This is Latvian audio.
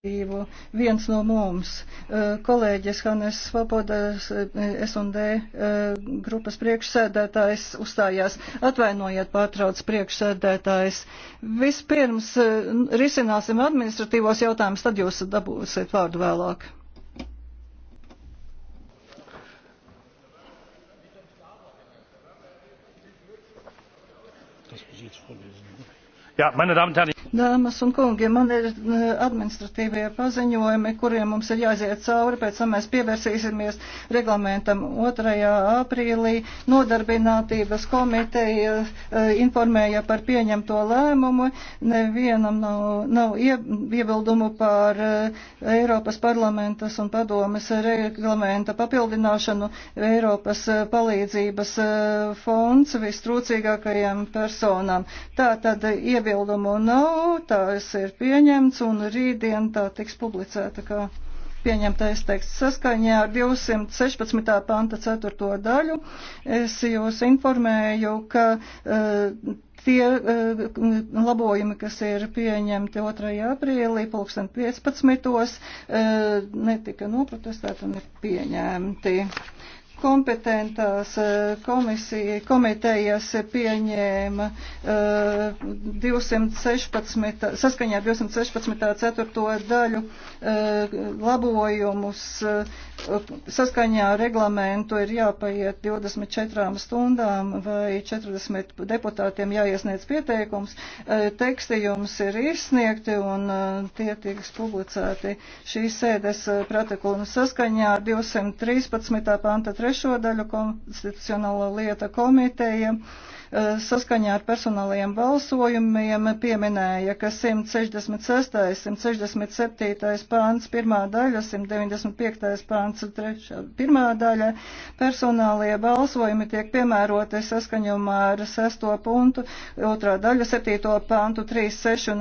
dzīvu viens no mums. Eh, kolēģis Hannes Svobodas eh, S&D eh, grupas priekšsēdētājs uzstājās. Atvainojiet, pārtrauc priekšsēdētājs. Vispirms risināsim administratīvos jautājumus, tad jūs dabūsiet vārdu vēlāk. Ja, meine Damen und Herren, Dāmas un kungi, man ir e, administratīvie paziņojumi, kuriem mums ir jāiziet cauri, pēc tam mēs pievērsīsimies reglamentam 2. aprīlī. Nodarbinātības komiteja e, informēja par pieņemto lēmumu. Nevienam nav, nav iebildumu par e, Eiropas parlamentas un padomes reglamenta papildināšanu Eiropas palīdzības fonds vistrūcīgākajiem personām. Tā tad iebildumu nav tās ir pieņemts un rītdien tā tiks publicēta kā pieņemtais teksts saskaņā ar 216. panta 4. daļu. Es jūs informēju, ka uh, tie uh, labojumi, kas ir pieņemti 2. aprīlī 2015. Uh, eh, netika noprotestēti un ir pieņemti kompetentās eh, komisija, komitejas pieņēma uh, eh, 216, saskaņā 216.4. daļu uh, labojumus. Uh, saskaņā reglamentu ir jāpaiet 24 stundām vai 40 deputātiem jāiesniedz pieteikums. Teksti jums ir izsniegti un tie tiks publicēti šīs sēdes protokolums saskaņā 213. panta 3 trešo daļu konstitucionālo lieta komiteja e, saskaņā ar personālajiem balsojumiem pieminēja, ka 166., 167. pāns pirmā daļa, 195. pāns trešā pirmā daļa personālajie balsojumi tiek piemēroti saskaņumā ar sesto punktu, otrā daļa, septīto pāntu, 3, 6 un